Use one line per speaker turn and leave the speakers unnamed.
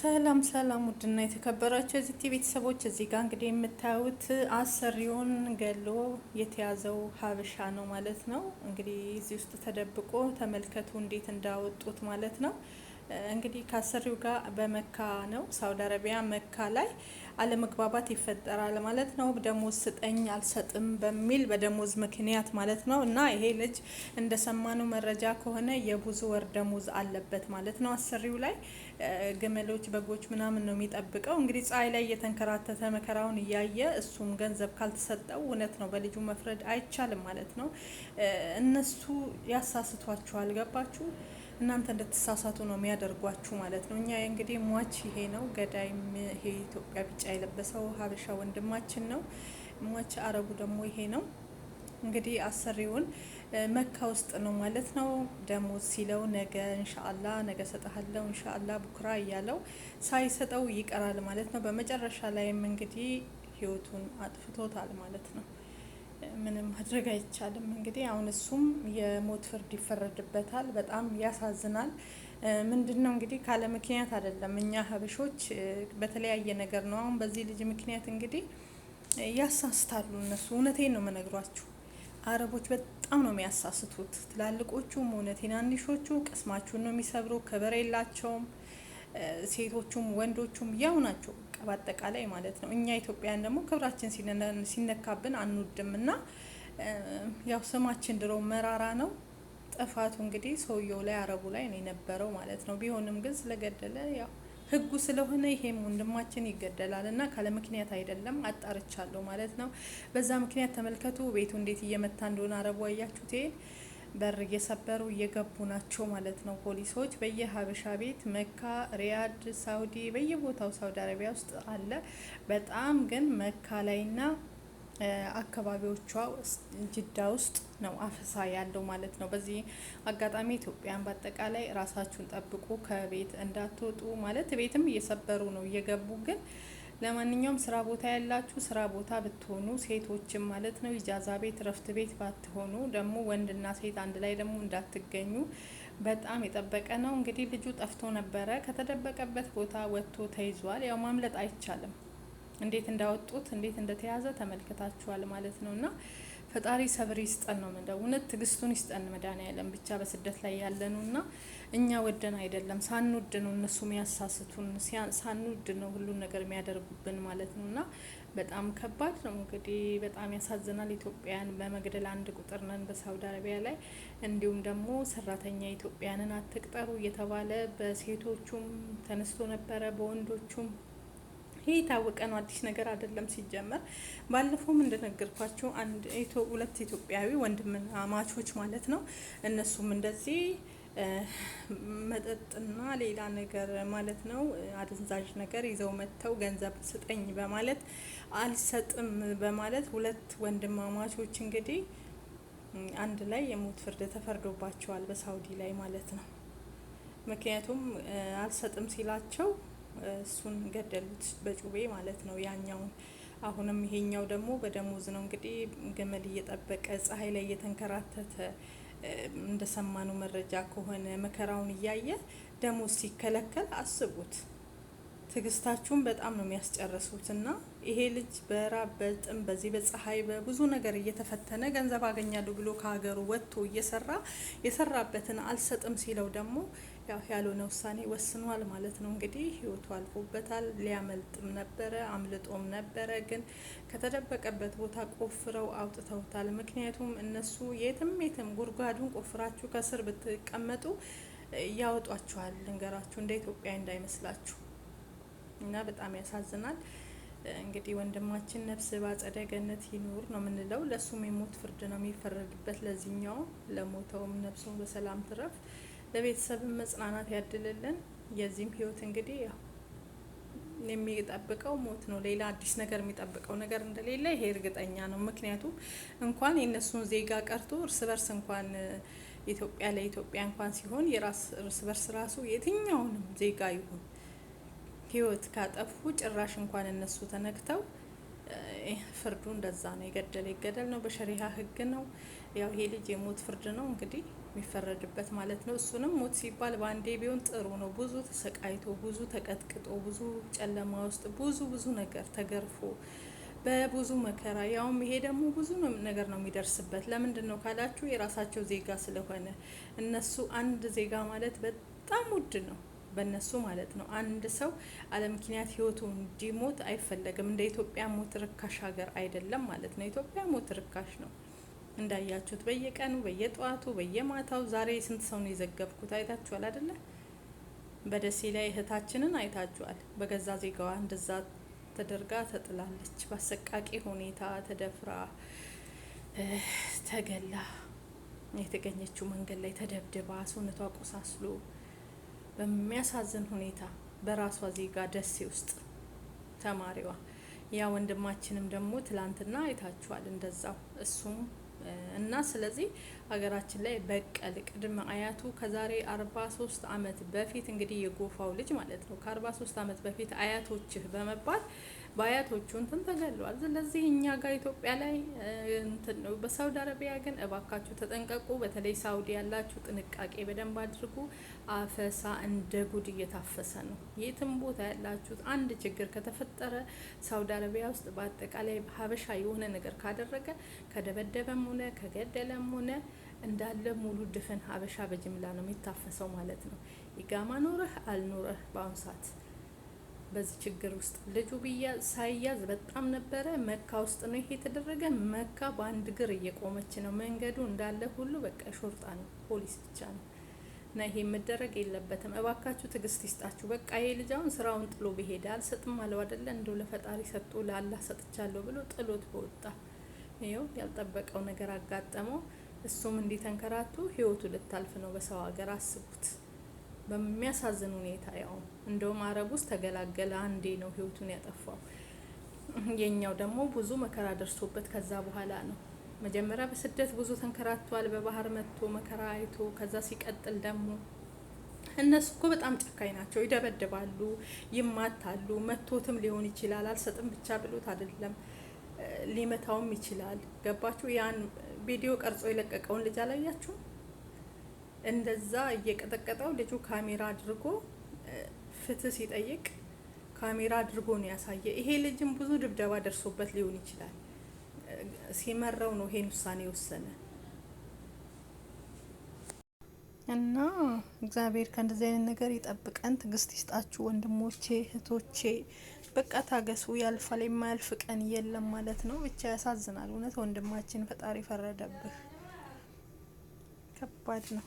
ሰላም ሰላም፣ ውድና የተከበራቸው የዚህ ቲቪ ቤተሰቦች፣ እዚህ ጋር እንግዲህ የምታዩት አሰሪውን ገሎ የተያዘው ሀበሻ ነው ማለት ነው። እንግዲህ እዚህ ውስጥ ተደብቆ ተመልከቱ እንዴት እንዳወጡት ማለት ነው። እንግዲህ ከአሰሪው ጋር በመካ ነው ሳውዲ አረቢያ መካ ላይ አለመግባባት ይፈጠራል ማለት ነው። ደሞዝ ስጠኝ አልሰጥም በሚል በደሞዝ ምክንያት ማለት ነው። እና ይሄ ልጅ እንደሰማነው መረጃ ከሆነ የብዙ ወር ደሞዝ አለበት ማለት ነው። አሰሪው ላይ ግመሎች፣ በጎች ምናምን ነው የሚጠብቀው። እንግዲህ ፀሐይ ላይ እየተንከራተተ መከራውን እያየ እሱም ገንዘብ ካልተሰጠው እውነት ነው በልጁ መፍረድ አይቻልም ማለት ነው። እነሱ ያሳስቷችኋል። ገባችሁ? እናንተ እንድትሳሳቱ ነው የሚያደርጓችሁ ማለት ነው። እኛ እንግዲህ ሟች ይሄ ነው፣ ገዳይም ይሄ ኢትዮጵያ ቢጫ የለበሰው ሀበሻ ወንድማችን ነው። ሟች አረቡ ደግሞ ይሄ ነው። እንግዲህ አሰሪውን መካ ውስጥ ነው ማለት ነው። ደሞዝ ሲለው ነገ እንሻአላ ነገ ሰጠሃለው እንሻአላ ቡክራ እያለው ሳይሰጠው ይቀራል ማለት ነው። በመጨረሻ ላይም እንግዲህ ህይወቱን አጥፍቶታል ማለት ነው። ምንም ማድረግ አይቻልም። እንግዲህ አሁን እሱም የሞት ፍርድ ይፈረድበታል። በጣም ያሳዝናል። ምንድን ነው እንግዲህ ካለ ምክንያት አይደለም። እኛ ሀበሾች በተለያየ ነገር ነው። አሁን በዚህ ልጅ ምክንያት እንግዲህ ያሳስታሉ እነሱ። እውነቴን ነው መነግሯችሁ፣ አረቦች በጣም ነው የሚያሳስቱት። ትላልቆቹም እውነቴን ትናንሾቹ ቅስማችሁን ነው የሚሰብሩ። ክብር የላቸውም። ሴቶቹም ወንዶቹም ያው ናቸው። በአጠቃላይ ማለት ነው። እኛ ኢትዮጵያን ደግሞ ክብራችን ሲነካብን አንወድም እና ያው ስማችን ድሮ መራራ ነው። ጥፋቱ እንግዲህ ሰውየው ላይ አረቡ ላይ ነው የነበረው ማለት ነው። ቢሆንም ግን ስለገደለ ያው ህጉ ስለሆነ ይሄም ወንድማችን ይገደላል እና ካለ ምክንያት አይደለም፣ አጣርቻለሁ ማለት ነው። በዛ ምክንያት ተመልከቱ ቤቱ እንዴት እየመታ እንደሆነ አረቡ አያችሁት። በር እየሰበሩ እየገቡ ናቸው ማለት ነው ፖሊሶች። በየሀበሻ ቤት መካ፣ ሪያድ፣ ሳውዲ በየቦታው ሳውዲ አረቢያ ውስጥ አለ። በጣም ግን መካ ላይና አካባቢዎቿ ጅዳ ውስጥ ነው አፈሳ ያለው ማለት ነው። በዚህ አጋጣሚ ኢትዮጵያን በአጠቃላይ ራሳችሁን ጠብቁ፣ ከቤት እንዳትወጡ ማለት ቤትም እየሰበሩ ነው እየገቡ ግን ለማንኛውም ስራ ቦታ ያላችሁ ስራ ቦታ ብትሆኑ ሴቶችም ማለት ነው ኢጃዛ ቤት ረፍት ቤት ባትሆኑ ደግሞ ወንድና ሴት አንድ ላይ ደግሞ እንዳትገኙ በጣም የጠበቀ ነው። እንግዲህ ልጁ ጠፍቶ ነበረ። ከተደበቀበት ቦታ ወጥቶ ተይዟል። ያው ማምለጥ አይቻልም። እንዴት እንዳወጡት እንዴት እንደተያዘ ተመልክታችኋል ማለት ነው እና ፈጣሪ ሰብር ይስጠን ነው ምንደው እውነት ትግስቱን ይስጠን መድኃኔዓለም። ብቻ በስደት ላይ ያለኑ ና እኛ ወደን አይደለም ሳንወድ ነው እነሱ የሚያሳስቱን፣ ሳንወድ ነው ሁሉን ነገር የሚያደርጉብን ማለት ነው። እና በጣም ከባድ ነው እንግዲህ በጣም ያሳዝናል። ኢትዮጵያን በመግደል አንድ ቁጥር ነን በሳውዲ አረቢያ ላይ። እንዲሁም ደግሞ ሰራተኛ ኢትዮጵያንን አትቅጠሩ እየተባለ በሴቶቹም ተነስቶ ነበረ በወንዶቹም ይህ የታወቀ ነው፣ አዲስ ነገር አይደለም። ሲጀመር ባለፈውም እንደነገርኳቸው አንድ ሁለት ኢትዮጵያዊ ማቾች ማለት ነው እነሱም እንደዚህ መጠጥና ሌላ ነገር ማለት ነው አደንዛዥ ነገር ይዘው መጥተው ገንዘብ ስጠኝ በማለት አልሰጥም በማለት ሁለት ወንድማማቾች እንግዲህ አንድ ላይ የሞት ፍርድ ተፈርዶባቸዋል በሳውዲ ላይ ማለት ነው። ምክንያቱም አልሰጥም ሲላቸው እሱን ገደሉት በጩቤ ማለት ነው ያኛውን። አሁንም ይሄኛው ደግሞ በደሞዝ ነው እንግዲህ ግመል እየጠበቀ ፀሐይ ላይ እየተንከራተተ እንደሰማነው መረጃ ከሆነ መከራውን እያየ ደሞዝ ሲከለከል አስቡት። ትግስታችሁን በጣም ነው የሚያስጨርሱት። እና ይሄ ልጅ በራብ በጥም በዚህ በፀሐይ በብዙ ነገር እየተፈተነ ገንዘብ አገኛለሁ ብሎ ከሀገሩ ወጥቶ እየሰራ የሰራበትን አልሰጥም ሲለው ደግሞ ያው ያልሆነ ውሳኔ ወስኗል ማለት ነው። እንግዲህ ህይወቱ አልፎበታል። ሊያመልጥም ነበረ አምልጦም ነበረ፣ ግን ከተደበቀበት ቦታ ቆፍረው አውጥተውታል። ምክንያቱም እነሱ የትም የትም ጉድጓዱን ቆፍራችሁ ከስር ብትቀመጡ ያወጧችኋል። ልንገራችሁ፣ እንደ ኢትዮጵያ እንዳይመስላችሁ እና በጣም ያሳዝናል። እንግዲህ ወንድማችን ነፍስ በአጸደ ገነት ይኑር ነው የምንለው። ለእሱም የሞት ፍርድ ነው የሚፈረድበት፣ ለዚህኛው ለሞተውም ነፍሱን በሰላም ትረፍ። ለቤተሰብ መጽናናት ያድልልን። የዚህም ህይወት እንግዲህ ያው የሚጠብቀው ሞት ነው። ሌላ አዲስ ነገር የሚጠብቀው ነገር እንደሌለ ይሄ እርግጠኛ ነው። ምክንያቱም እንኳን የእነሱን ዜጋ ቀርቶ እርስ በርስ እንኳን ኢትዮጵያ ለኢትዮጵያ እንኳን ሲሆን የራስ እርስ በርስ ራሱ የትኛውንም ዜጋ ይሁን ህይወት ካጠፉ ጭራሽ እንኳን እነሱ ተነክተው ፍርዱ እንደዛ ነው። የገደለ ይገደል ነው፣ በሸሪሃ ህግ ነው። ያው ይሄ ልጅ የሞት ፍርድ ነው እንግዲህ የሚፈረድበት ማለት ነው። እሱንም ሞት ሲባል በአንዴ ቢሆን ጥሩ ነው። ብዙ ተሰቃይቶ፣ ብዙ ተቀጥቅጦ፣ ብዙ ጨለማ ውስጥ ብዙ ብዙ ነገር ተገርፎ በብዙ መከራ ያውም ይሄ ደግሞ ብዙ ነገር ነው የሚደርስበት። ለምንድን ነው ካላችሁ የራሳቸው ዜጋ ስለሆነ እነሱ አንድ ዜጋ ማለት በጣም ውድ ነው በእነሱ ማለት ነው። አንድ ሰው አለ ምክንያት ህይወቱ እንዲሞት አይፈለግም። እንደ ኢትዮጵያ ሞት ርካሽ ሀገር አይደለም ማለት ነው። ኢትዮጵያ ሞት ርካሽ ነው። እንዳያችሁት በየቀኑ በየጠዋቱ በየማታው ዛሬ ስንት ሰው ነው የዘገብኩት? አይታችኋል አይደለ? በደሴ ላይ እህታችንን አይታችኋል። በገዛ ዜጋዋ እንደዛ ተደርጋ ተጥላለች። በአሰቃቂ ሁኔታ ተደፍራ ተገላ፣ የተገኘችው መንገድ ላይ ተደብድባ ሰውነቷ ቆሳስሎ በሚያሳዝን ሁኔታ በራሷ ዜጋ ደሴ ውስጥ ተማሪዋ ያ ወንድማችንም ደግሞ ትላንትና አይታችኋል። እንደዛው እሱም እና ስለዚህ ሀገራችን ላይ በቀል ቅድመ አያቱ ከዛሬ አርባ ሶስት አመት በፊት እንግዲህ የጎፋው ልጅ ማለት ነው ከአርባ ሶስት አመት በፊት አያቶችህ በመባል በአያቶቹ እንትን ተገለዋል። ስለዚህ እኛ ጋር ኢትዮጵያ ላይ እንትን ነው። በሳውዲ አረቢያ ግን እባካችሁ ተጠንቀቁ። በተለይ ሳውዲ ያላችሁ ጥንቃቄ በደንብ አድርጉ። አፈሳ እንደ ጉድ እየታፈሰ ነው። የትም ቦታ ያላችሁት አንድ ችግር ከተፈጠረ ሳውዲ አረቢያ ውስጥ በአጠቃላይ ሀበሻ የሆነ ነገር ካደረገ ከደበደበም ሆነ ከገደለም ሆነ እንዳለ ሙሉ ድፍን ሀበሻ በጅምላ ነው የሚታፈሰው ማለት ነው። ኢጋማ ኖረህ አልኖረህ በአሁኑ ሰዓት በዚህ ችግር ውስጥ ልጁ ብያ ሳይያዝ በጣም ነበረ። መካ ውስጥ ነው ይሄ የተደረገ። መካ በአንድ እግር እየቆመች ነው። መንገዱ እንዳለ ሁሉ በቃ ሾርጣ ነው፣ ፖሊስ ብቻ ነው እና ይሄ መደረግ የለበትም። እባካችሁ ትግስት ይስጣችሁ። በቃ ይሄ ልጅ አሁን ስራውን ጥሎ ብሄድ አልሰጥም አለው አይደለ? እንደው ለፈጣሪ ሰጥቶ ለአላህ ሰጥቻለሁ ብሎ ጥሎት በወጣ ይኸው ያልጠበቀው ነገር አጋጠመው። እሱም እንዲተንከራቱ ህይወቱ ልታልፍ ነው በሰው ሀገር አስቡት። በሚያሳዝን ሁኔታ ያው እንደውም አረብ ውስጥ ተገላገለ። አንዴ ነው ህይወቱን ያጠፋው። የኛው ደግሞ ብዙ መከራ ደርሶበት ከዛ በኋላ ነው መጀመሪያ በስደት ብዙ ተንከራቷል። በባህር መጥቶ መከራ አይቶ ከዛ ሲቀጥል ደግሞ እነሱ እኮ በጣም ጨካኝ ናቸው። ይደበድባሉ፣ ይማታሉ። መቶትም ሊሆን ይችላል። አልሰጥም ብቻ ብሎት አይደለም ሊመታውም ይችላል። ገባችሁ? ያን ቪዲዮ ቀርጾ የለቀቀውን ልጅ አላያችሁም? እንደዛ እየቀጠቀጠው ልጁ ካሜራ አድርጎ ፍትህ ሲጠይቅ ካሜራ አድርጎ ነው ያሳየ። ይሄ ልጅም ብዙ ድብደባ ደርሶበት ሊሆን ይችላል። ሲመራው ነው ይሄን ውሳኔ የወሰነ እና እግዚአብሔር ከእንደዚህ አይነት ነገር ይጠብቀን። ትዕግስት ይስጣችሁ ወንድሞቼ እህቶቼ። በቃ ታገሱ፣ ያልፋል። የማያልፍ ቀን የለም ማለት ነው። ብቻ ያሳዝናል። እውነት ወንድማችን ፈጣሪ ፈረደብህ። ከባድ ነው።